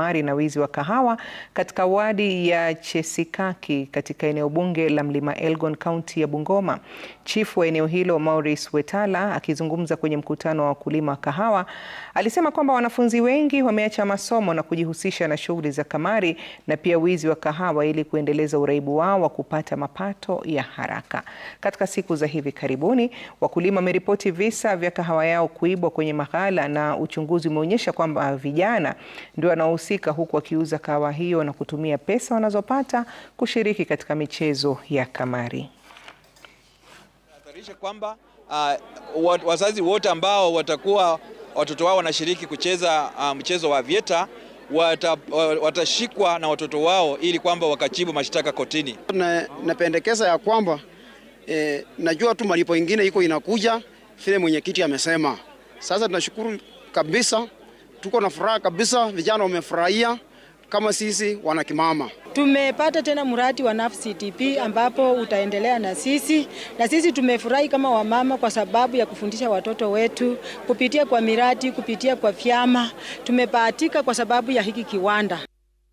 kamari na wizi wa kahawa katika wadi ya Chesikaki katika eneo bunge la Mlima Elgon kaunti ya Bungoma. Chifu wa eneo hilo Maurice Wetala akizungumza kwenye mkutano wa wakulima wa kahawa alisema kwamba wanafunzi wengi wameacha masomo na kujihusisha na shughuli za kamari na pia wizi wa kahawa ili kuendeleza uraibu wao wa kupata mapato ya haraka. Katika siku za hivi karibuni, wakulima wameripoti visa vya kahawa yao kuibwa kwenye maghala na uchunguzi umeonyesha kwamba vijana ndio wanaohusika husika huku wakiuza kahawa hiyo na kutumia pesa wanazopata kushiriki katika michezo ya kamari. Tahadharisha kwamba uh, wazazi wote ambao watakuwa watoto wao wanashiriki kucheza uh, mchezo wa vieta watashikwa wata na watoto wao ili kwamba wakachibu mashtaka kotini. Na, napendekeza ya kwamba eh, najua tu malipo ingine iko inakuja vile mwenyekiti amesema. Sasa tunashukuru kabisa tuko na furaha kabisa, vijana wamefurahia kama sisi wanakimama tumepata tena mradi wa nafsi CTP ambapo utaendelea na sisi na sisi tumefurahi kama wamama, kwa sababu ya kufundisha watoto wetu kupitia kwa miradi, kupitia kwa vyama. Tumebahatika kwa sababu ya hiki kiwanda.